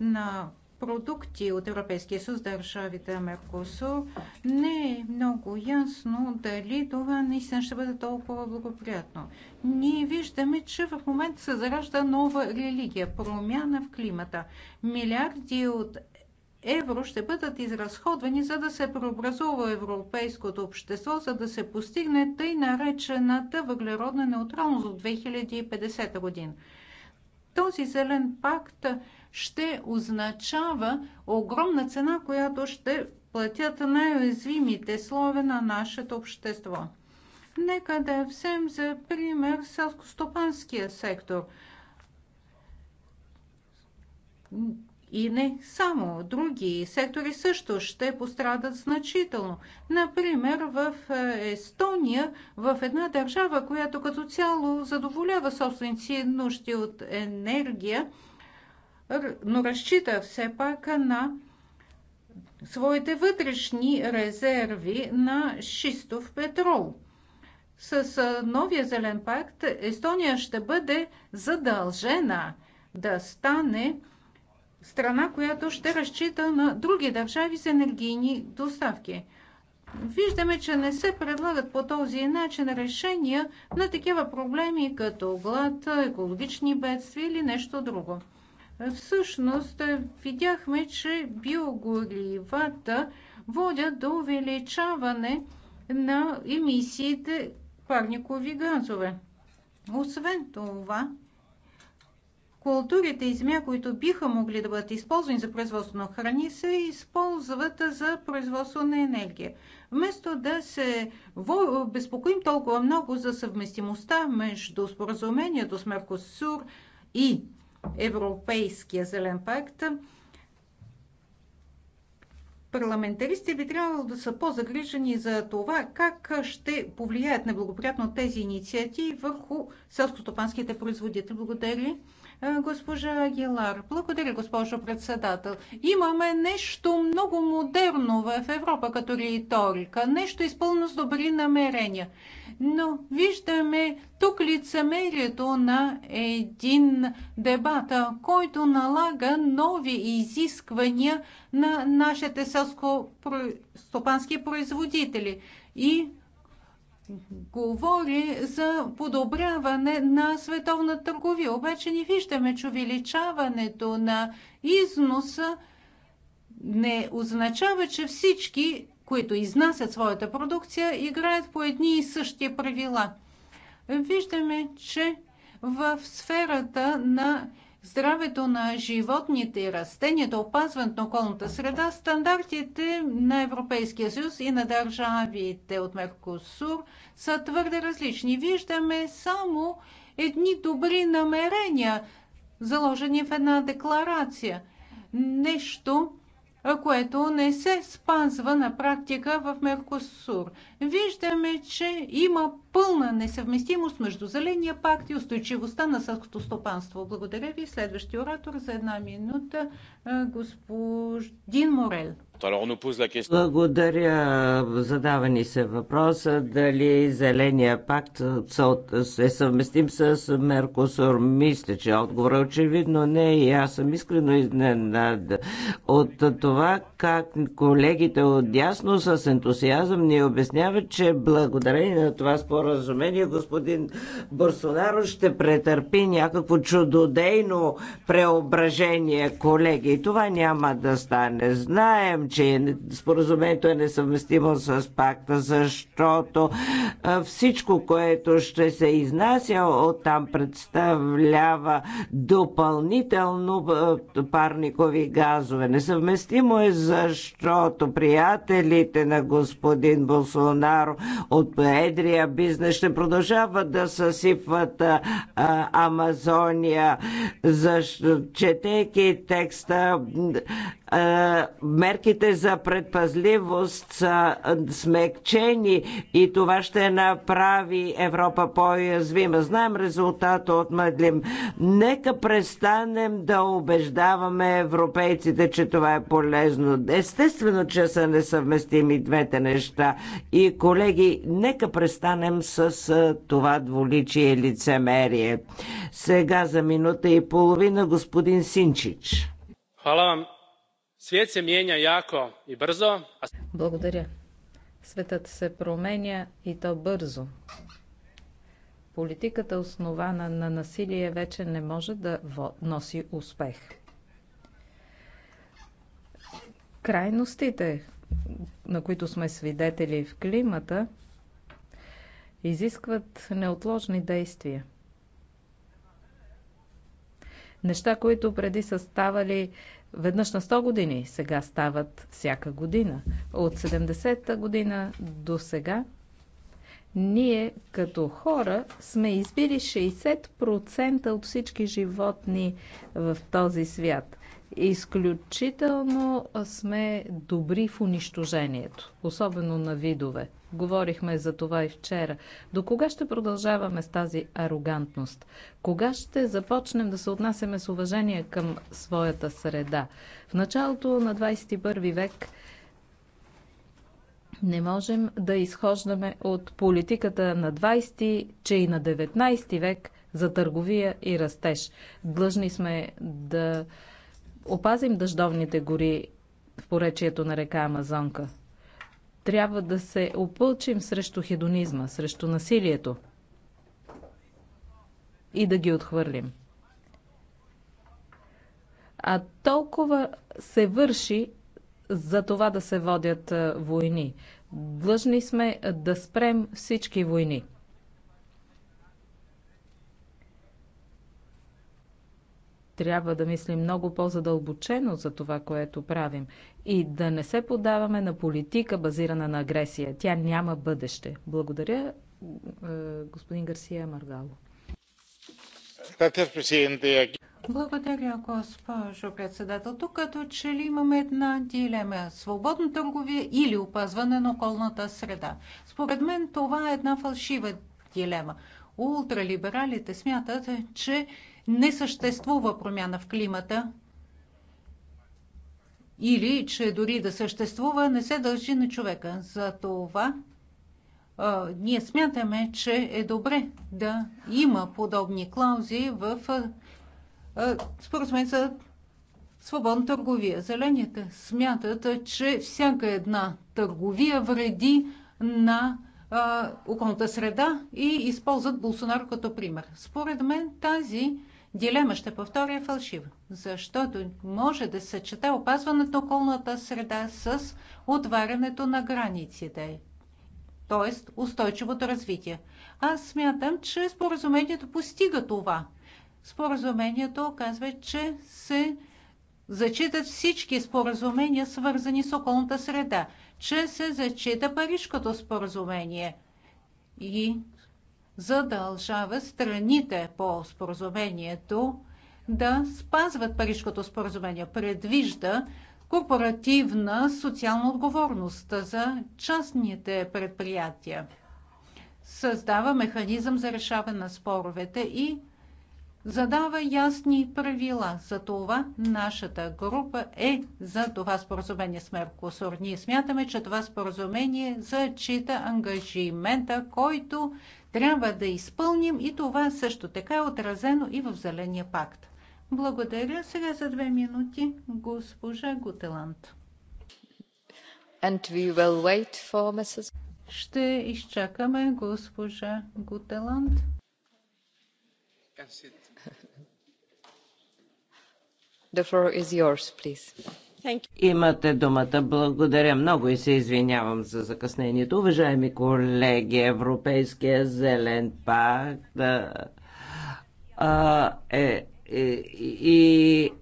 на продукти от Европейския съюз, държавите Меркосур, не е много ясно дали това наистина ще бъде толкова благоприятно. Ние виждаме, че в момента се заражда нова религия, промяна в климата. Милиарди от евро ще бъдат изразходвани, за да се преобразува европейското общество, за да се постигне тъй наречената въглеродна неутралност от 2050 година. Този зелен пакт ще означава огромна цена, която ще платят най-уязвимите слове на нашето общество. Нека да взем за пример селскостопанския сектор. И не само, други сектори също ще пострадат значително. Например, в Естония, в една държава, която като цяло задоволява собствените нужди от енергия, но разчита все пак на своите вътрешни резерви на шистов петрол. С новия зелен пакт Естония ще бъде задължена да стане страна, която ще разчита на други държави с енергийни доставки. Виждаме, че не се предлагат по този начин решения на такива проблеми като глад, екологични бедствия или нещо друго. Е, всъщност е, видяхме, че биогоривата водят до увеличаване на емисиите парникови газове. Освен това, културите и земя, които биха могли да бъдат използвани за производство на храни, се използват за производство на енергия. Вместо да се безпокоим толкова много за съвместимостта между споразумението с Меркосур и Европейския зелен пакт, парламентаристите би трябвало да са по-загрижени за това как ще повлияят неблагоприятно тези инициативи върху селско-стопанските производители. Благодаря. Е, госпожа Агилар, благодаря, госпожо председател. Имаме нещо много модерно в Европа като риторика, нещо изпълно с добри намерения. Но виждаме тук лицемерието на един дебат, който налага нови изисквания на нашите селско-стопански производители и говори за подобряване на световна търговия. Обаче ни виждаме, че увеличаването на износа не означава, че всички, които изнасят своята продукция, играят по едни и същи правила. Виждаме, че в сферата на здравето на животните и растенията, опазването на околната среда, стандартите на Европейския съюз и на държавите от Меркосур са твърде различни. Виждаме само едни добри намерения, заложени в една декларация. Нещо, което не се спазва на практика в Меркосур. Виждаме, че има пълна несъвместимост между Зеления пакт и устойчивостта на сърското стопанство. Благодаря ви. Следващия оратор за една минута господин Морел. Благодаря. Задавани се въпроса дали Зеления пакт е съвместим с Меркосур. Мисля, че отговор е очевидно не и аз съм искрено изненад. от това как колегите от дясно с ентусиазъм ни обясняват, че благодарение на това споразумение господин Борсонаро ще претърпи някакво чудодейно преображение, колеги. Това няма да стане. Знаем, че споразумението е несъвместимо с пакта, защото всичко, което ще се изнася от там представлява допълнително парникови газове. Несъвместимо е, защото приятелите на господин Болсонаро от едрия бизнес ще продължават да съсипват Амазония, защото, четейки текста, мерките мерките за предпазливост са смекчени и това ще направи Европа по-язвима. Знаем резултата от Мъдлим. Нека престанем да убеждаваме европейците, че това е полезно. Естествено, че са несъвместими двете неща. И колеги, нека престанем с това дволичие лицемерие. Сега за минута и половина господин Синчич. Хвала вам Свет се меня яко и бързо. Благодаря. Светът се променя и то бързо. Политиката, основана на насилие, вече не може да носи успех. Крайностите, на които сме свидетели в климата, изискват неотложни действия. Неща, които преди са ставали веднъж на 100 години, сега стават всяка година. От 70-та година до сега ние като хора сме избили 60% от всички животни в този свят. Изключително сме добри в унищожението, особено на видове. Говорихме за това и вчера. До кога ще продължаваме с тази арогантност? Кога ще започнем да се отнасяме с уважение към своята среда? В началото на 21 век не можем да изхождаме от политиката на 20, че и на 19 век за търговия и растеж. Длъжни сме да опазим дъждовните гори в поречието на река Амазонка. Трябва да се опълчим срещу хедонизма, срещу насилието и да ги отхвърлим. А толкова се върши за това да се водят войни. Длъжни сме да спрем всички войни. трябва да мислим много по-задълбочено за това, което правим и да не се подаваме на политика, базирана на агресия. Тя няма бъдеще. Благодаря, е, господин Гарсия Маргало. Благодаря, госпожо председател. Тук като че ли имаме една дилема – свободна търговия или опазване на околната среда. Според мен това е една фалшива дилема. Ултралибералите смятат, че не съществува промяна в климата или че дори да съществува, не се дължи на човека. За това а, ние смятаме, че е добре да има подобни клаузи в споразумение за свободна търговия. Зелените смятат, че всяка една търговия вреди на околната среда и използват Болсонаро като пример. Според мен тази дилема, ще повторя, е фалшива, защото може да се чете опазването на околната среда с отварянето на границите, т.е. устойчивото развитие. Аз смятам, че споразумението постига това. Споразумението казва, че се зачитат всички споразумения, свързани с околната среда, че се зачита Парижкото споразумение и задължава страните по споразумението да спазват Парижкото споразумение. Предвижда корпоративна социална отговорност за частните предприятия. Създава механизъм за решаване на споровете и задава ясни правила. За това нашата група е за това споразумение с Меркосур. Ние смятаме, че това споразумение зачита ангажимента, който трябва да изпълним и това също така е отразено и в Зеления пакт. Благодаря. Сега за две минути госпожа Гутеланд. And we will wait for Mrs. Ще изчакаме госпожа Гутеланд. Yes, Имате думата. Благодаря много и се извинявам за закъснението. Уважаеми колеги, Европейския зелен пакт а, е и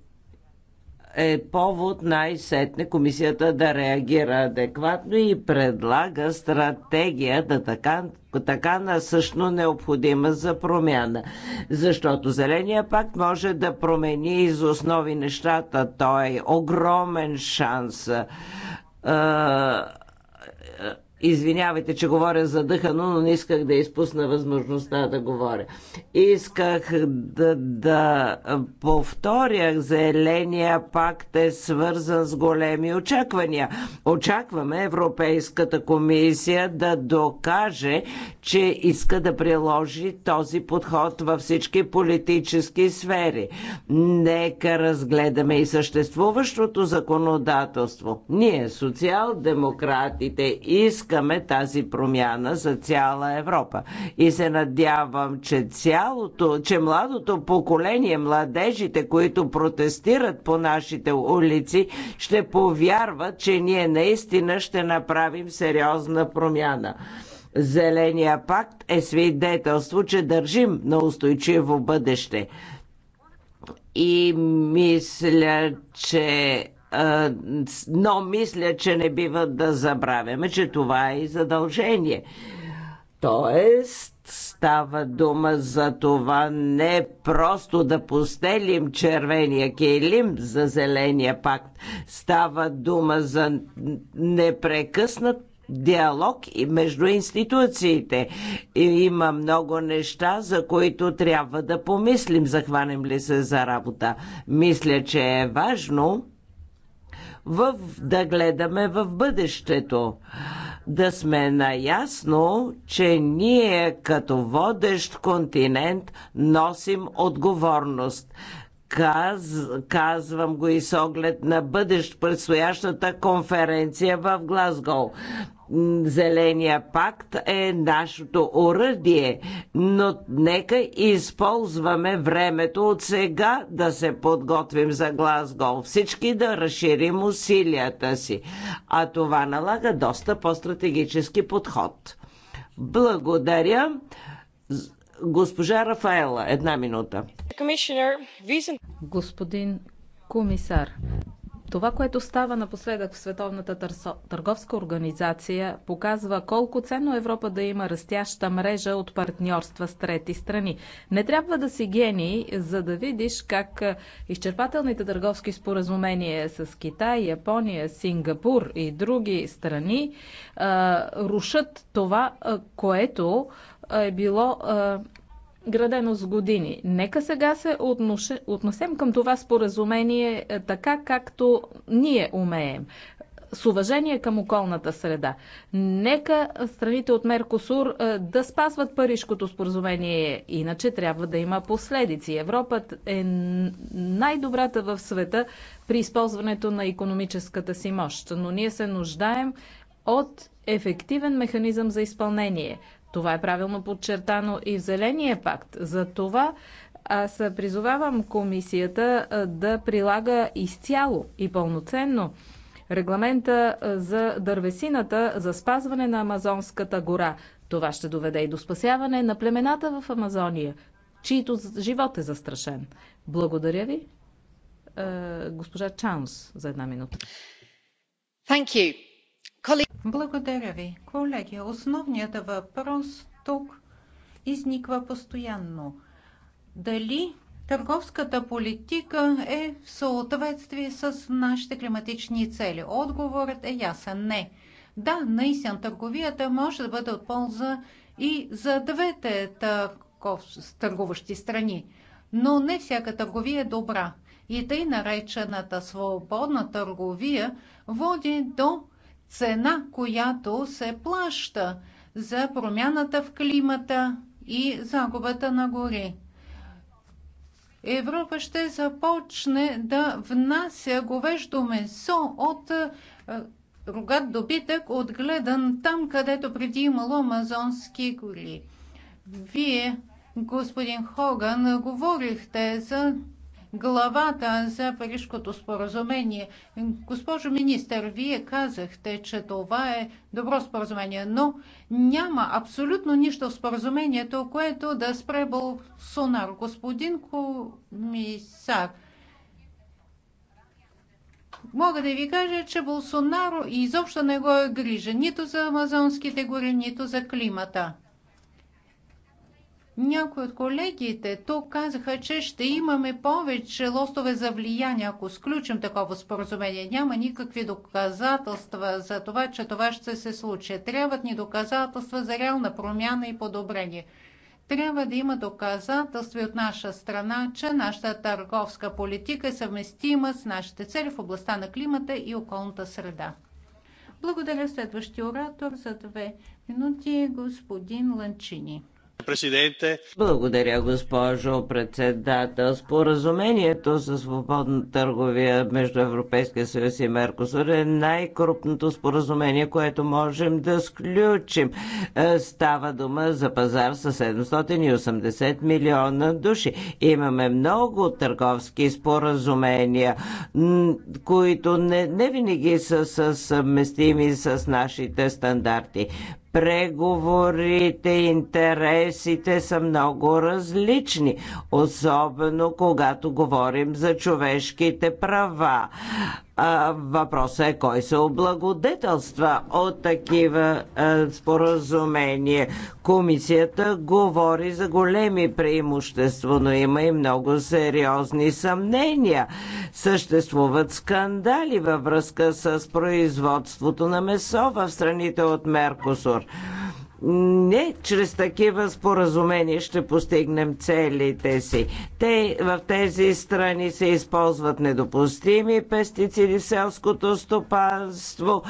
е повод най-сетне комисията да реагира адекватно и предлага стратегията така, така насъщно необходима за промяна. Защото Зеления пакт може да промени из основи нещата. Той е огромен шанс Извинявайте, че говоря задъхано, но не исках да изпусна възможността да говоря. Исках да, да повторя, зеления пакт е свързан с големи очаквания. Очакваме Европейската комисия да докаже, че иска да приложи този подход във всички политически сфери. Нека разгледаме и съществуващото законодателство. Ние, социал-демократите, искаме искаме тази промяна за цяла Европа. И се надявам, че цялото, че младото поколение, младежите, които протестират по нашите улици, ще повярват, че ние наистина ще направим сериозна промяна. Зеления пакт е свидетелство, че държим на устойчиво бъдеще. И мисля, че но мисля, че не бива да забравяме, че това е и задължение. Тоест, става дума за това не просто да постелим червения келим за зеления пакт. Става дума за непрекъснат диалог и между институциите. И има много неща, за които трябва да помислим, захванем ли се за работа. Мисля, че е важно в, да гледаме в бъдещето. Да сме наясно, че ние като водещ континент носим отговорност. Каз, казвам го и с оглед на бъдещ предстоящата конференция в Глазгол. Зеления пакт е нашето оръдие, но нека използваме времето от сега да се подготвим за Глазгол. Всички да разширим усилията си. А това налага доста по-стратегически подход. Благодаря. Госпожа Рафаела, една минута. Господин комисар, това, което става напоследък в Световната търговска организация, показва колко ценно Европа да има растяща мрежа от партньорства с трети страни. Не трябва да си гений, за да видиш как изчерпателните търговски споразумения с Китай, Япония, Сингапур и други страни а, рушат това, а, което е било а, градено с години. Нека сега се отноше, отнесем към това споразумение е, така, както ние умеем с уважение към околната среда. Нека страните от Меркосур е, да спазват Парижкото споразумение, иначе трябва да има последици. Европа е най-добрата в света при използването на економическата си мощ, но ние се нуждаем от ефективен механизъм за изпълнение. Това е правилно подчертано и в Зеления пакт. За това аз призовавам комисията да прилага изцяло и пълноценно регламента за дървесината за спазване на Амазонската гора. Това ще доведе и до спасяване на племената в Амазония, чието живот е застрашен. Благодаря ви, госпожа Чанс, за една минута. Thank you. Благодаря ви, колеги. Основният въпрос тук изниква постоянно. Дали търговската политика е в съответствие с нашите климатични цели? Отговорът е ясен – не. Да, наистина търговията може да бъде от полза и за двете търгов... търгуващи страни, но не всяка търговия е добра. И тъй наречената свободна търговия води до цена, която се плаща за промяната в климата и загубата на гори. Европа ще започне да внася говеждо месо от е, рогат добитък, отгледан там, където преди имало амазонски гори. Вие, господин Хоган, говорихте за главата за Парижкото споразумение. Госпожо министър, вие казахте, че това е добро споразумение, но няма абсолютно нищо в споразумението, което да спре Болсонар. Господин комисар, мога да ви кажа, че Болсонаро изобщо не го е грижа нито за амазонските гори, нито за климата. Някои от колегите тук казаха, че ще имаме повече лостове за влияние, ако сключим такова споразумение. Няма никакви доказателства за това, че това ще се случи. Трябват ни доказателства за реална промяна и подобрение. Трябва да има доказателства от наша страна, че нашата търговска политика е съвместима с нашите цели в областта на климата и околната среда. Благодаря следващия оратор за две минути, е господин Ланчини. Благодаря, госпожо председател. Споразумението за свободна търговия между Европейския съюз и Меркосур е най-крупното споразумение, което можем да сключим. Е, става дума за пазар с 780 милиона души. Имаме много търговски споразумения, които не, не винаги са съвместими с нашите стандарти преговорите, интересите са много различни, особено когато говорим за човешките права въпросът е кой се облагодетелства от такива а, споразумения. Комисията говори за големи преимущества, но има и много сериозни съмнения. Съществуват скандали във връзка с производството на месо в страните от Меркосур. Не чрез такива споразумения ще постигнем целите си. Те в тези страни се използват недопустими пестициди в селското стопанство.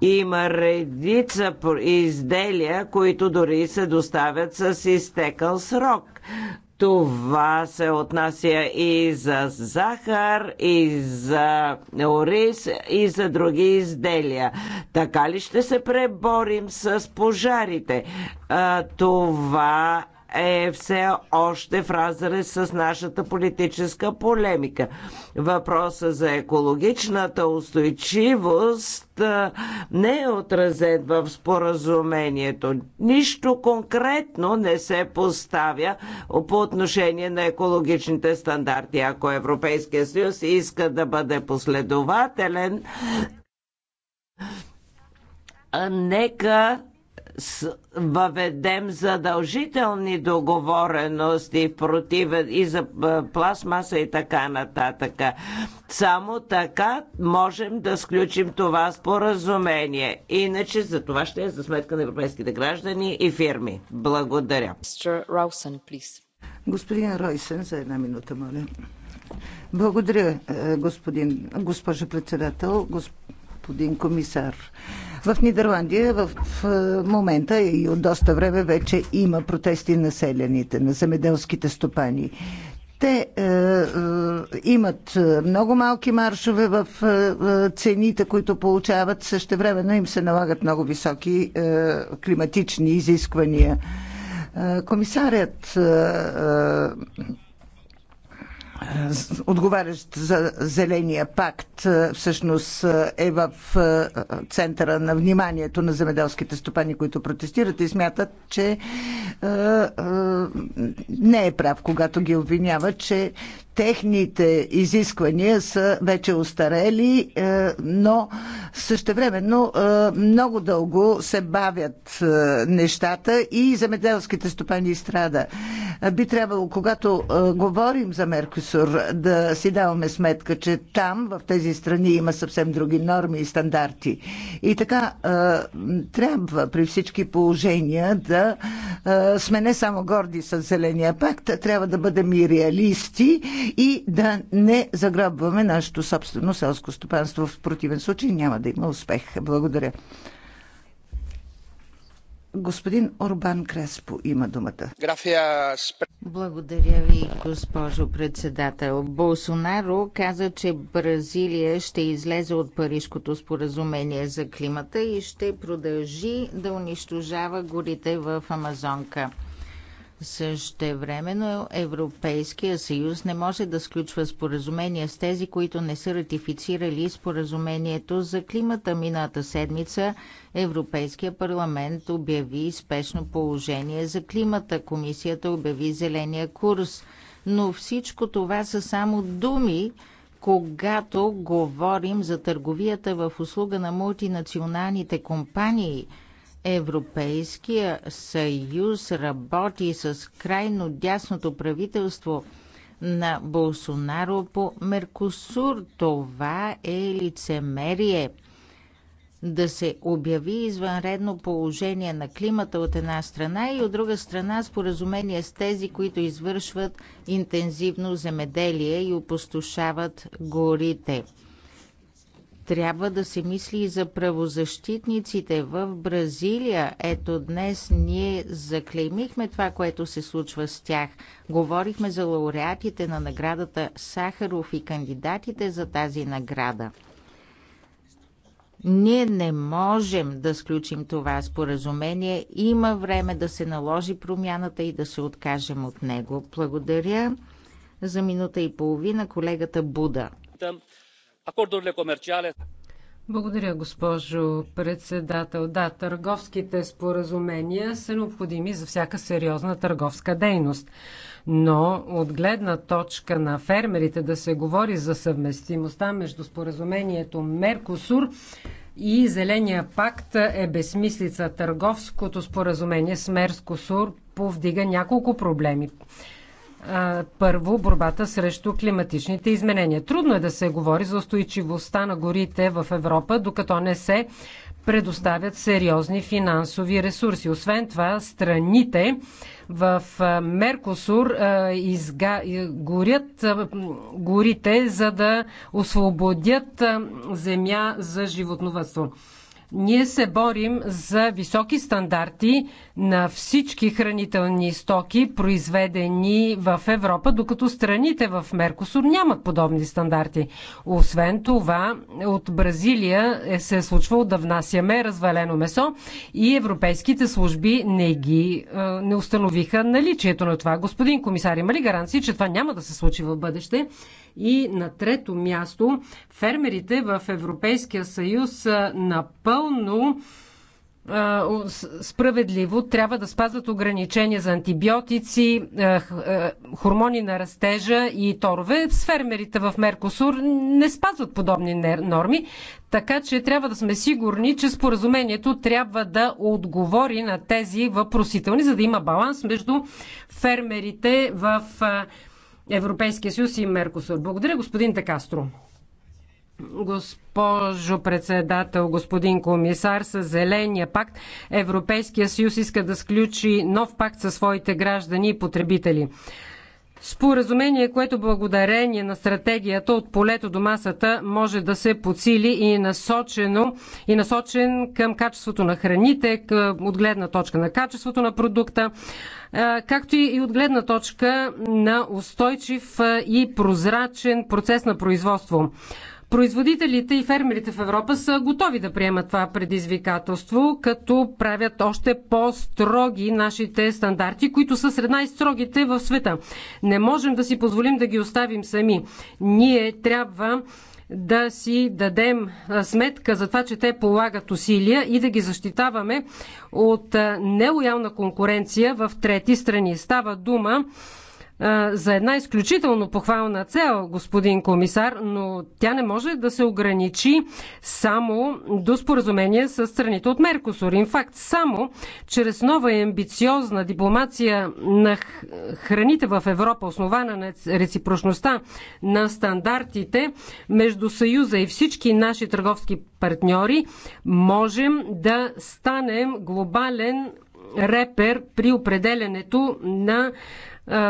Има редица изделия, които дори се доставят с изтекал срок. Това се отнася и за захар, и за ориз, и за други изделия. Така ли ще се преборим с пожарите? Това е все още в разрез с нашата политическа полемика. Въпроса за екологичната устойчивост не е отразен в споразумението. Нищо конкретно не се поставя по отношение на екологичните стандарти. Ако Европейския съюз иска да бъде последователен, нека въведем задължителни договорености противен и за пластмаса и така нататък. Само така можем да сключим това споразумение. Иначе за това ще е за сметка на европейските граждани и фирми. Благодаря. Господин Ройсен, за една минута, моля. Благодаря, е, господин, госпожа председател, господин комисар. В Нидерландия в е, момента и от доста време вече има протести на селяните, на земеделските стопани. Те е, е, имат е, много малки маршове в е, е цените, които получават. също но им се налагат много високи е, климатични изисквания. Е, комисарят е, е, отговарящ за Зеления пакт, е, всъщност е, е в центъра на вниманието на земеделските стопани, които протестират и смятат, че не е прав, когато ги обвинява, че техните изисквания са вече устарели, е, но същевременно е, много дълго се бавят е, нещата и земеделските стопани страда. Би трябвало, когато говорим за Меркосур, да си даваме сметка, че там, в тези страни, има съвсем други норми и стандарти. И така, трябва при всички положения да сме не само горди с Зеления пакт, трябва да бъдем и реалисти и да не загробваме нашето собствено селско стопанство. В противен случай няма да има успех. Благодаря. Господин Орбан Креспо има думата. Благодаря ви, госпожо председател. Болсонаро каза, че Бразилия ще излезе от Парижкото споразумение за климата и ще продължи да унищожава горите в Амазонка. Същевременно Европейския съюз не може да сключва споразумения с тези, които не са ратифицирали споразумението за климата. Мината седмица Европейския парламент обяви спешно положение за климата. Комисията обяви зеления курс. Но всичко това са само думи, когато говорим за търговията в услуга на мултинационалните компании – Европейския съюз работи с крайно дясното правителство на Болсонаро по Меркосур. Това е лицемерие. Да се обяви извънредно положение на климата от една страна и от друга страна споразумение с тези, които извършват интензивно земеделие и опустошават горите. Трябва да се мисли и за правозащитниците в Бразилия. Ето днес ние заклеймихме това, което се случва с тях. Говорихме за лауреатите на наградата Сахаров и кандидатите за тази награда. Ние не можем да сключим това споразумение. Има време да се наложи промяната и да се откажем от него. Благодаря за минута и половина колегата Буда acordurile комерциале. Благодаря, госпожо председател. Да, търговските споразумения са необходими за всяка сериозна търговска дейност. Но от гледна точка на фермерите да се говори за съвместимостта между споразумението Меркосур и Зеления пакт е безсмислица. Търговското споразумение с Меркосур повдига няколко проблеми първо борбата срещу климатичните изменения. Трудно е да се говори за устойчивостта на горите в Европа, докато не се предоставят сериозни финансови ресурси. Освен това, страните в Меркосур изга... горят горите, за да освободят земя за животновътство. Ние се борим за високи стандарти на всички хранителни стоки, произведени в Европа, докато страните в Меркосур нямат подобни стандарти. Освен това, от Бразилия е, се е случвало да внасяме развалено месо и европейските служби не ги не установиха наличието на това. Господин комисар, има ли гаранции, че това няма да се случи в бъдеще? И на трето място, фермерите в Европейския съюз напълно но справедливо трябва да спазват ограничения за антибиотици, хормони на растежа и торове. С фермерите в Меркосур не спазват подобни норми, така че трябва да сме сигурни, че споразумението трябва да отговори на тези въпросителни, за да има баланс между фермерите в Европейския съюз и Меркосур. Благодаря, господин Текастро. Госпожо председател, господин комисар, с Зеления пакт Европейския съюз иска да сключи нов пакт със своите граждани и потребители. Споразумение, което благодарение на стратегията от полето до масата може да се подсили и насочено и насочен към качеството на храните, от гледна точка на качеството на продукта, както и от гледна точка на устойчив и прозрачен процес на производство. Производителите и фермерите в Европа са готови да приемат това предизвикателство, като правят още по-строги нашите стандарти, които са сред най-строгите в света. Не можем да си позволим да ги оставим сами. Ние трябва да си дадем сметка за това, че те полагат усилия и да ги защитаваме от нелоялна конкуренция в трети страни. Става дума за една изключително похвална цел, господин комисар, но тя не може да се ограничи само до споразумение с страните от Меркосур. Инфакт, само чрез нова и амбициозна дипломация на храните в Европа, основана на реципрочността на стандартите между Съюза и всички наши търговски партньори, можем да станем глобален репер при определенето на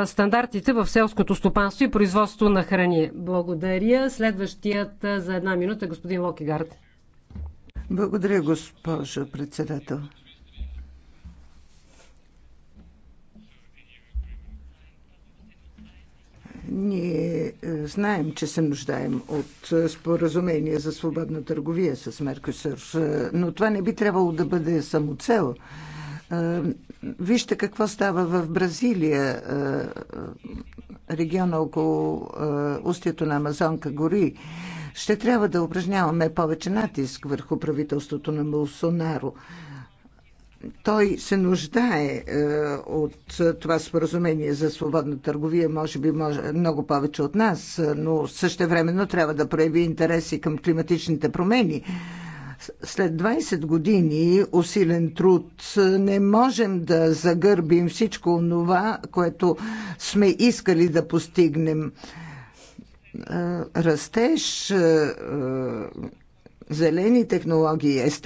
стандартите в селското стопанство и производство на храни. Благодаря. Следващият за една минута господин Локигард. Благодаря, госпожо председател. Ние е, знаем, че се нуждаем от е, споразумение за свободна търговия с Меркосър, е, но това не би трябвало да бъде само Вижте какво става в Бразилия. Е, е, региона около е, устието на Амазонка гори. Ще трябва да упражняваме повече натиск върху правителството на Молсонаро. Той се нуждае е, от това споразумение за свободна търговия, може би може, много повече от нас, но времено трябва да прояви интереси към климатичните промени след 20 години усилен труд не можем да загърбим всичко това, което сме искали да постигнем. Е, растеж, е, е, зелени технологии, естествено,